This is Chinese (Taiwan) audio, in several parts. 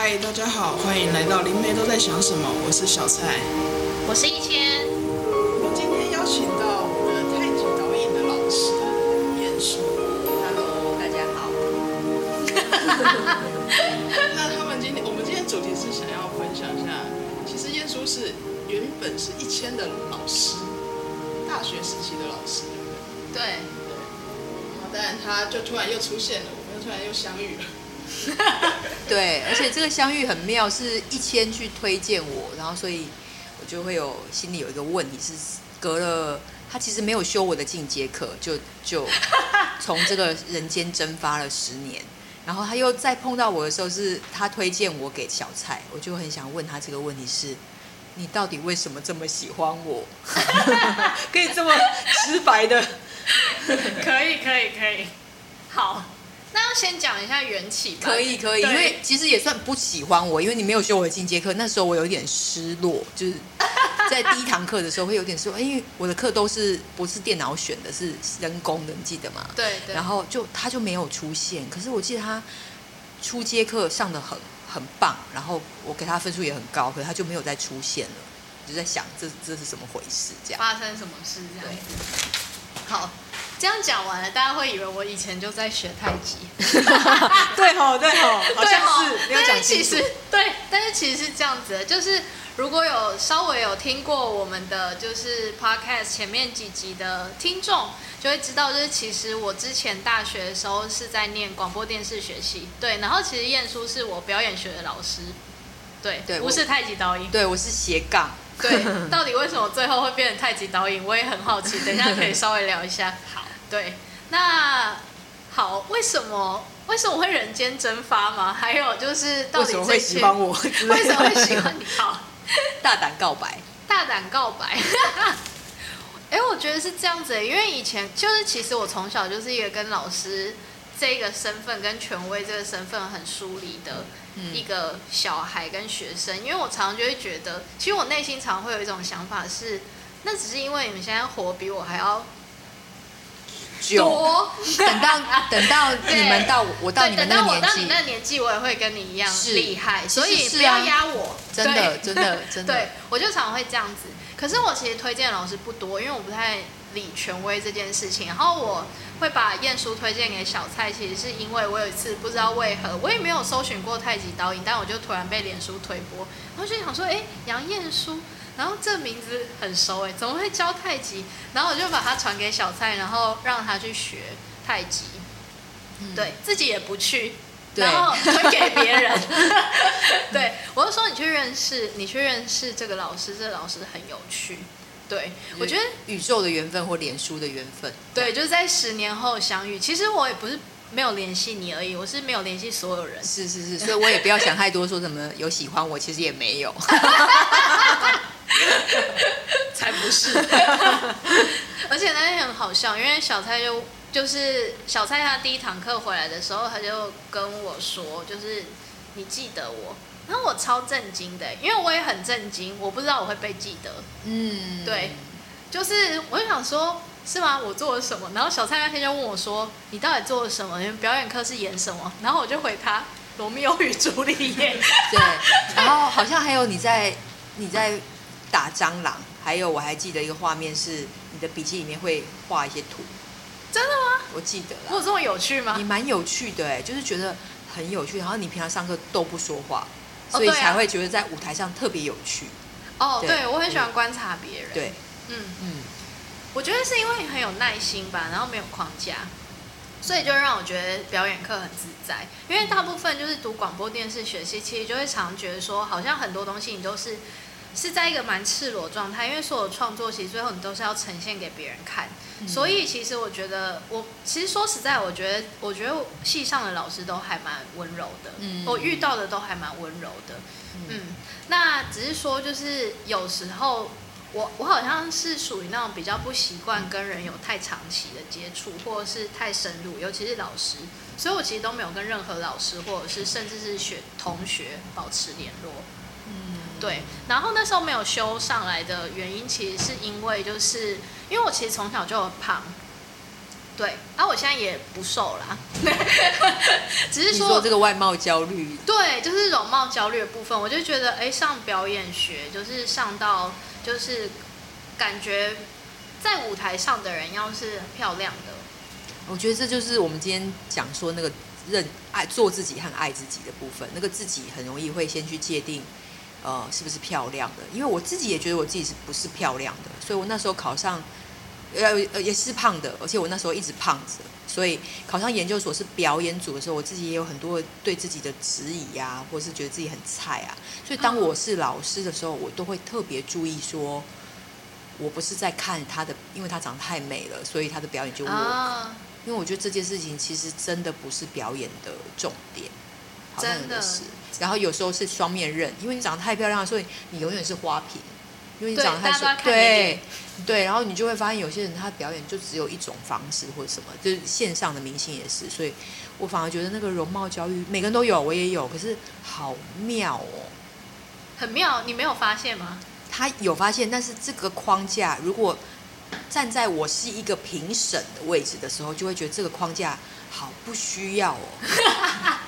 嗨，Hi, 大家好，歡迎來到《靈媒都在想什麼》，我是小蔡，我是一千。我們今天邀請到我們的太極導演的老師雁舒。Hello，大家好。 那他們今天，我們今天主題是想要分享一下，其實雁舒是原本是一千的老師，大學時期的老師，對不對？對對。當然他就突然又出現了，我們又突然又相遇了。 對，而且這個相遇很妙，是一千去推薦我，然後所以，我就會有心裡有一個問題是，隔了他其實沒有修我的進階課，就就從這個人間蒸發了十年，然後他又再碰到我的時候是他推薦我給小蔡，我就很想問他這個問題是，你到底為什麼這麼喜歡我？ 可以這麼直白的？可以可以可以。可以可以先講一下緣起吧。可以，可以，對因為其實也算不喜歡我，因為你沒有學我的進階課，那時候我有點失落，就是在第一堂課的時候會有點失落， 因為我的課都是不是電腦選的，是人工的，你記得嗎？對，對，然後就他就沒有出現，可是我記得他初階課上得很很棒，然後我給他分數也很高，可是他就沒有再出現了，就在想這這是什麼回事？這樣發生什麼事？這樣對好。這樣講完了，大家會以為我以前就在學太極。 對吼、哦，對吼、哦，好像是。但是、哦、其實，對，但是其實是這樣子的，就是如果有稍微有聽過我們的就是 podcast 前面幾集的聽眾，就會知道，就是其實我之前大學的時候是在念廣播電視學系。對，然後其實雁舒是我表演學的老師，對，不對是太極導演，對我是斜槓， 對，到底為什麼最後會變成太極導演，我也很好奇，等一下可以稍微聊一下。好。對，那好，為什麼為什麼會人間蒸發嘛？還有就是到底為什麼會喜歡我？為什麼會喜歡你？好，大膽告白，大膽告白。哎、 欸，我覺得是這樣子，因為以前就是其實我從小就是一個跟老師這個身份跟權威這個身份很疏離的一個小孩跟學生，嗯、因為我常常就會覺得，其實我內心常常會有一種想法是，那只是因為你們現在活比我還要。有多等到，等到你們到，我到你們那年紀，對我到你們那個年紀，我也會跟你一樣厲是害。啊，所以不要壓我真，真的真的真的。對，我就常常會這樣子。可是我其實推薦老師不多，因為我不太理權威這件事情。然後我。會把雁舒推薦給小蔡，其實是因為我有一次不知道為何，我也沒有搜尋過太極導引，但我就突然被臉書推播，我就想說，哎，楊雁舒，然後這名字很熟哎，怎麼會教太極？然後我就把他傳給小蔡，然後讓他去學太極，嗯、對自己也不去，然後推給別人。對, 對我就說你去認識，你去認識這個老師，這個、老師很有趣。對，我覺得宇宙的緣分或臉書的緣分，對，對就是在十年後相遇。其實我也不是沒有聯繫你而已，我是沒有聯繫所有人。是是是，所以我也不要想太多說什麼有喜歡我， 我其實也沒有， 才不是。 而且那天很好笑，因為小蔡就就是小蔡他第一堂課回來的時候，他就跟我說，就是你記得我。那我超震驚的、欸，因為我也很震驚，我不知道我會被記得。嗯，對，就是我就想說，是嗎？我做了什麼？然後小蔡那天就問我說：“你到底做了什麼？你們表演課是演什麼？”然後我就回他：“羅密歐與朱麗葉。” 對，然後好像還有你在你在打蟑螂，還有我還記得一個畫面是你的筆記裡面會畫一些圖。真的嗎？我記得。我這麼有趣嗎？你蠻有趣的、欸，哎，就是覺得很有趣。然後你平常上課都不說話。所以才會覺得在舞台上特別有趣。哦，對，對我很喜歡觀察別人。對，嗯嗯，嗯我覺得是因為你很有耐心吧，然後沒有框架，所以就讓我覺得表演課很自在。因為大部分就是讀廣播電視學習，其實就會常覺得說，好像很多東西你都是。是在一個蠻赤裸狀態，因為所有創作其實最後你都是要呈現給別人看，嗯、所以其實我覺得，我其實說實在我，我覺得我覺得系上的老師都還蠻溫柔的，嗯、我遇到的都還蠻溫柔的。嗯，嗯，那只是說就是有時候我我好像是屬於那種比較不習慣跟人有太長期的接觸，嗯、或者是太深入，尤其是老師，所以我其實都沒有跟任何老師或者是甚至是學同學保持聯絡。嗯對，然後那時候沒有修上來的原因，其實是因為就是因為我其實從小就很胖，對，然後我現在也不瘦啦呵呵，只是說，你說這個外貌焦慮，對，就是容貌焦慮的部分，我就覺得，哎，上表演學就是上到就是感覺在舞台上的人要是漂亮的，我覺得這就是我們今天講說那個認愛做自己和愛自己的部分，那個自己很容易會先去界定。呃，是不是漂亮的？因為我自己也覺得我自己是不是漂亮的，所以我那時候考上，呃，呃也是胖的，而且我那時候一直胖着，所以考上研究所是表演組的時候，我自己也有很多對自己的質疑呀、啊，或者是覺得自己很菜啊。所以當我是老師的時候，嗯、我都會特別注意說，我不是在看他的，因為他長得太美了，所以他的表演就我、啊、因為我覺得這件事情其實真的不是表演的重點，好像真的是。然後有時候是雙面刃，因為你長得太漂亮，所以你永遠是花瓶，因為你長得太帥。對，對，然後你就會發現有些人他表演就只有一種方式，或者什麼，就是線上的明星也是。所以我反而覺得那個容貌焦慮每個人都有，我也有，可是好妙哦，很妙，你沒有發現嗎？他有發現，但是這個框架，如果站在我是一個評審的位置的時候，就會覺得這個框架好不需要哦。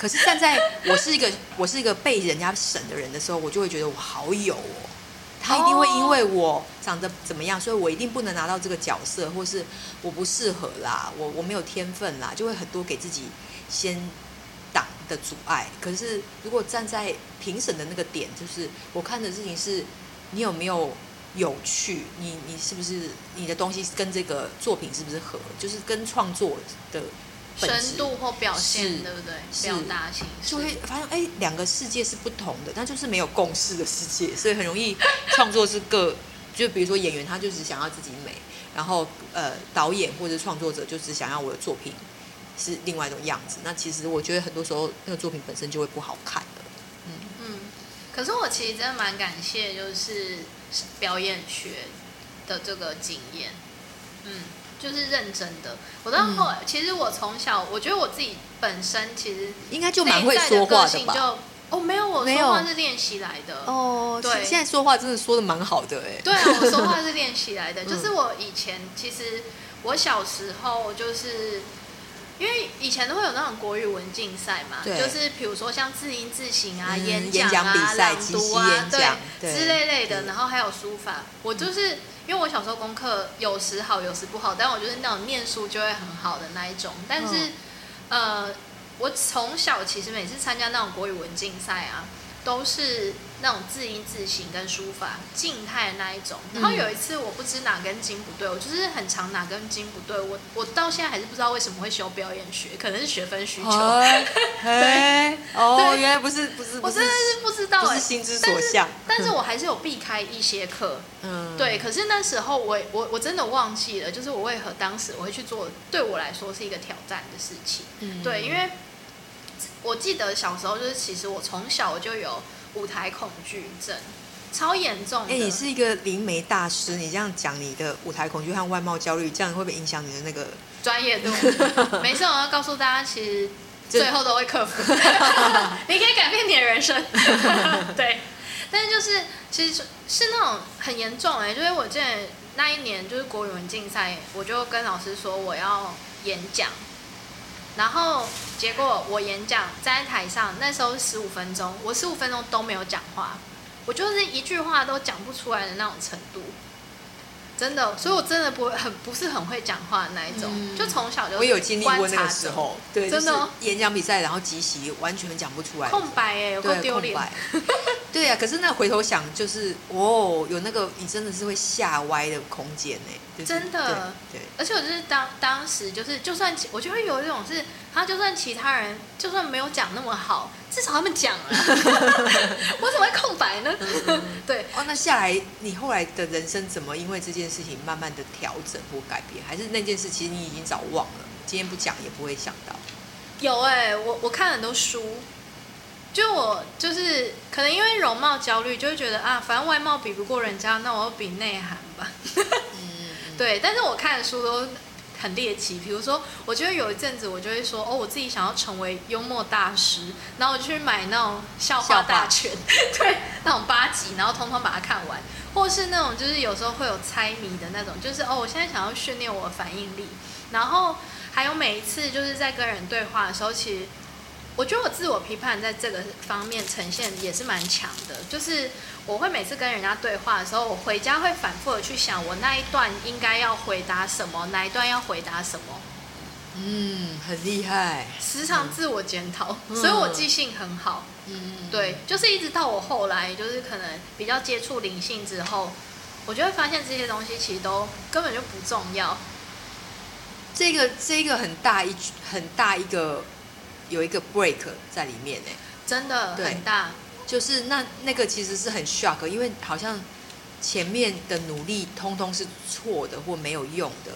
可是站在我是一個我是一個被人家審的人的時候，我就會覺得我好有哦，他一定會因為我長得怎麼樣，所以我一定不能拿到這個角色，或是我不適合啦，我我沒有天分啦，就會很多給自己先擋的阻礙。可是如果站在評審的那個點，就是我看的事情是，你有沒有有趣，你你是不是你的東西跟這個作品是不是合，就是跟創作的。本深度或表現，是 對不對？表達形式。就會發現，哎、欸，兩個世界是不同的，但就是沒有共識的世界，所以很容易創作是個， 就，比如說演員他就只想要自己美，然後呃，導演或者創作者就只想要我的作品是另外一種樣子。那其實我覺得很多時候那個作品本身就會不好看的。嗯嗯，可是我其實真的蠻感謝就是表演學的這個經驗，嗯。就是認真的。我到後來，其實我從小，我覺得我自己本身其實應該就蠻會說話的個性。就哦，沒有，我說話是練習來的。哦，對，現在說話真的說得蠻好的哎。對啊，我說話是練習來的。就是我以前，其實我小時候就是因為以前都會有那種國語文競賽嘛，就是譬如說像字音字形啊、演講啊、朗讀啊、對之類類的，然後還有書法，我就是。因為我小時候功課有時好有時不好，但我覺得那種念書就會很好的那一種。但是，嗯、呃，我從小其實每次參加那種國語文競賽啊，都是。那種字音字形跟書法靜態的那一種，然後有一次我不知哪根筋不對，我就是很常哪根筋不對，我我到現在還是不知道為什麼會修表演學，可能是學分需求。 對哦，對原來不是不是，我真的是不知道、欸，不是心之所向。但是， 但是我還是有避開一些課，嗯，對。可是那時候我我我真的忘記了，就是我為何當時我會去做，對我來說是一個挑戰的事情，嗯，對，因為我記得小時候就是其實我從小就有。舞台恐懼症，超嚴重。哎、欸，你是一個靈媒大師，你這樣講你的舞台恐懼和外貌焦慮，這樣會不會影響你的那個專業度？沒事，我要告訴大家，其實最後都會克服。就 你可以改變你的人生。 對，但是就是其實是那種很嚴重、欸。哎，就是我之前那一年就是國語文競賽，我就跟老師說我要演講。然後結果我演講站在台上，那時候十五分鐘，我十五分鐘都沒有講話，我就是一句話都講不出來的那種程度。真的，所以我真的不會很不是很會講話的那一種，嗯、就從小就我也有經歷過那個時候，對，真的、哦、演講比賽，然後即席，完全講不出來空空，空白哎，丟臉，對呀、啊。可是那回頭想，就是哦，有那個你真的是會嚇歪的空間哎，就是、真的，對。對，而且我就是當當時就是，就算我就會有一種是，他就算其他人就算沒有講那麼好。至少他們講了、啊， 我怎麼會空白呢？ 對哦，那下來你後來的人生怎麼因為這件事情慢慢的調整或改變？還是那件事其實你已經早忘了，今天不講也不會想到。有哎、欸，我我看很多書，就我就是可能因為容貌焦慮，就會覺得啊，反正外貌比不過人家，那我比內涵吧。 對，但是我看的書都。很獵奇，比如說，我覺得有一陣子，我就會說，哦，我自己想要成為幽默大師，然後我去買那種笑話大全，話 對，那種八集，然後通通把它看完，或是那種就是有時候會有猜謎的那種，就是哦，我現在想要訓練我的反應力，然後還有每一次就是在跟人對話的時候，其實我覺得我自我批判在這個方面呈現也是蠻強的，就是。我會每次跟人家對話的時候，我回家會反覆的去想，我那一段應該要回答什麼，哪一段要回答什麼。嗯，很厲害，時常自我檢討，嗯、所以我記性很好。嗯，對，就是一直到我後來，就是可能比較接觸靈性之後，我就會發現這些東西其實都根本就不重要。這個這個很大一很大一個有一個 break 在裡面呢、欸，真的對很大。就是那那個其實是很 shock，因為好像前面的努力通通是錯的或沒有用的。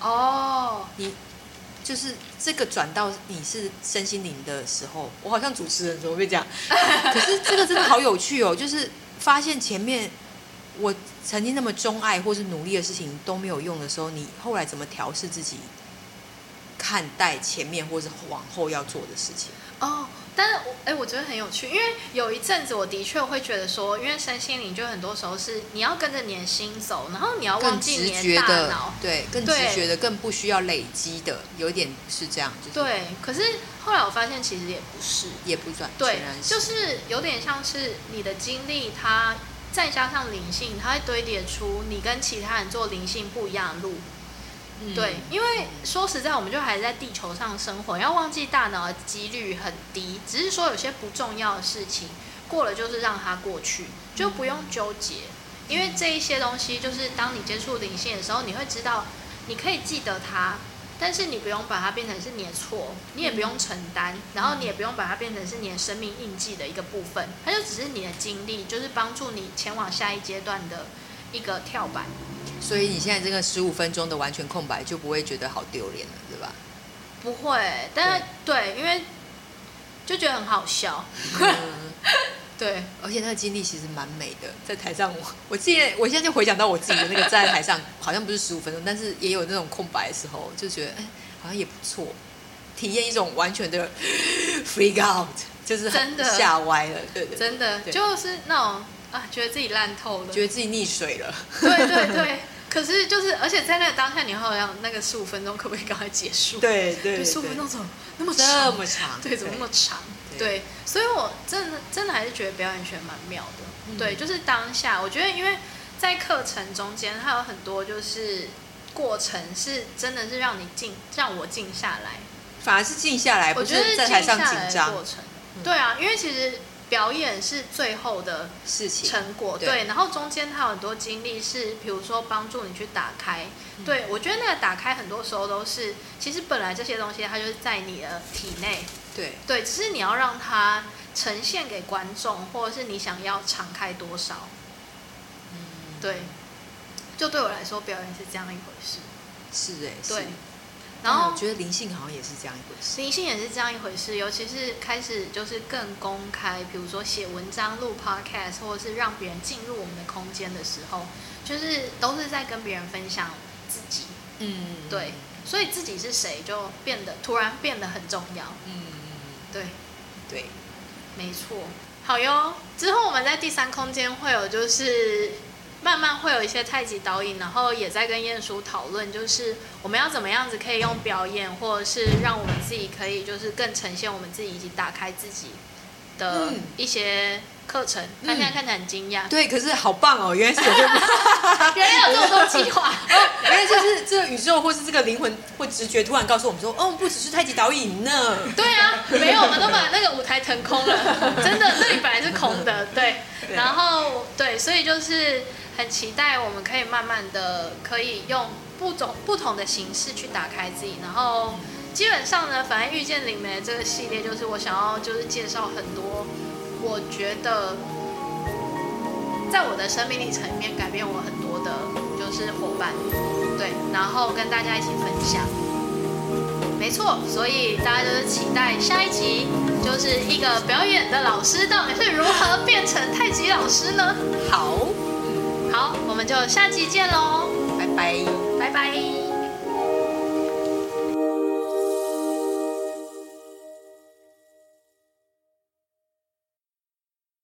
哦、oh.，你就是這個轉到你是身心靈的時候，我好像主持人怎麼會講？ 可是這個真的好有趣哦，就是發現前面我曾經那麼鍾愛或是努力的事情都沒有用的時候，你後來怎麼調試自己看待前面或是往後要做的事情？哦。Oh. 但是，哎、欸，我覺得很有趣，因為有一陣子，我的確會覺得說，因為身心靈就很多時候是你要跟着你的心走，然後你要忘記你的大腦的，對，更直覺的，對更不需要累積的，有點是這樣子。就是、對，可是後來我發現，其實也不是，也不算，對，是就是有點像是你的經歷，它再加上靈性，它會堆疊出你跟其他人做靈性不一樣的路。嗯、對，因為說實在，我們就還是在地球上生活，要忘記大腦的幾率很低。只是說有些不重要的事情過了，就是讓它過去，就不用糾結。因為這一些東西，就是當你接觸靈性的時候，你會知道你可以記得它，但是你不用把它變成是你的錯，你也不用承擔，然後你也不用把它變成是你的生命印記的一個部分。它就只是你的經歷，就是幫助你前往下一階段的一個跳板。所以你現在這個十五分鐘的完全空白就不會覺得好丟臉了，對吧？不會，但是對，對，因為就覺得很好笑。嗯、 對，而且那個經歷其實蠻美的，對在台上我我現我現在就回想到我自己的那個在台上， 好像不是十五分鐘，但是也有那種空白的時候，就覺得哎、嗯，好像也不錯，體驗一種完全的 freak out，就是很真的嚇歪了，對對，真的對就是那種。啊，覺得自己爛透了，覺得自己溺水了。對對對， 可是就是，而且在那個當下你還，你好像那個十五分鐘，可不可以趕快結束？對對，對對，十五分鐘，那麼那麼長，麼長對，怎麼那麼長？對，對，對，所以我真的真的還是覺得表演學蠻妙的。嗯、對，就是當下，我覺得因為在課程中間，它有很多就是過程，是真的是讓你靜，讓我靜下來，反而是靜下來，不是在台上緊張，對啊，因為其實。表演是最後的事情成果，對，對。然後中間他有很多經歷是，比如說幫助你去打開，嗯、對我覺得那個打開很多時候都是，其實本來這些東西它就是在你的體內，對對，只是你要讓它呈現給觀眾，或者是你想要敞開多少，嗯嗯、對。就對我來說，表演是這樣一回事，是的耶對。然後、嗯、我覺得靈性好像也是這樣一回事，靈性也是這樣一回事。尤其是開始就是更公開，比如說寫文章、錄 podcast，或者是讓別人進入我們的空間的時候，就是都是在跟別人分享自己。嗯，對，所以自己是誰就變得、嗯、突然變得很重要。嗯嗯，對，對，沒錯。好喲，之後我們在第三空間會有就是。慢慢會有一些太極導引，然後也在跟雁舒討論，就是我們要怎麼樣子可以用表演，或者是讓我們自己可以就是更呈現我們自己以及打開自己的一些課程。他現在看起來很驚訝，嗯嗯、對，可是好棒哦，原來是有這麼多 原來有這麼多計劃， 原來就是這個宇宙或是這個靈魂或直覺突然告訴我們說，哦，不只是太極導引呢。對啊，沒有我們都把那個舞台騰空了，真的那裡本來是空的，對，然後對，所以就是。很期待，我們可以慢慢的可以用不種不同的形式去打開自己。然後基本上呢，反正遇見裡面這個系列，就是我想要就是介紹很多我覺得在我的生命裡層面改變我很多的，就是夥伴，對，然後跟大家一起分享。沒錯，所以大家就是期待下一集，就是一個表演的老師到底是如何變成太極老師呢？好。好，我們就下期見嘍，拜拜，拜拜。